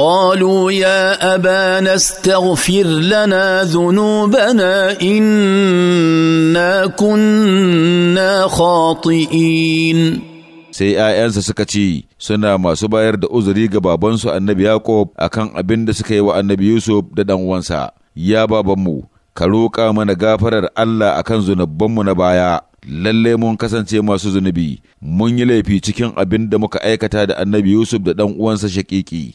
قالوا يا ابانا استغفر لنا ذنوبنا انا كنا خاطئين sai ‘ya'yansa suka ce, suna masu bayar da uzuri ga babansu annabi Yaƙob a kan abin da suka yi wa annabi Yusuf da ɗan'uwansa, ya babanmu, ka roƙa mana gafarar Allah a kan zunubanmu na baya, Lallai mun kasance masu zunubi, mun yi laifi cikin abin da muka aikata da annabi Yusuf da ɗan'uwansa shaƙiƙi.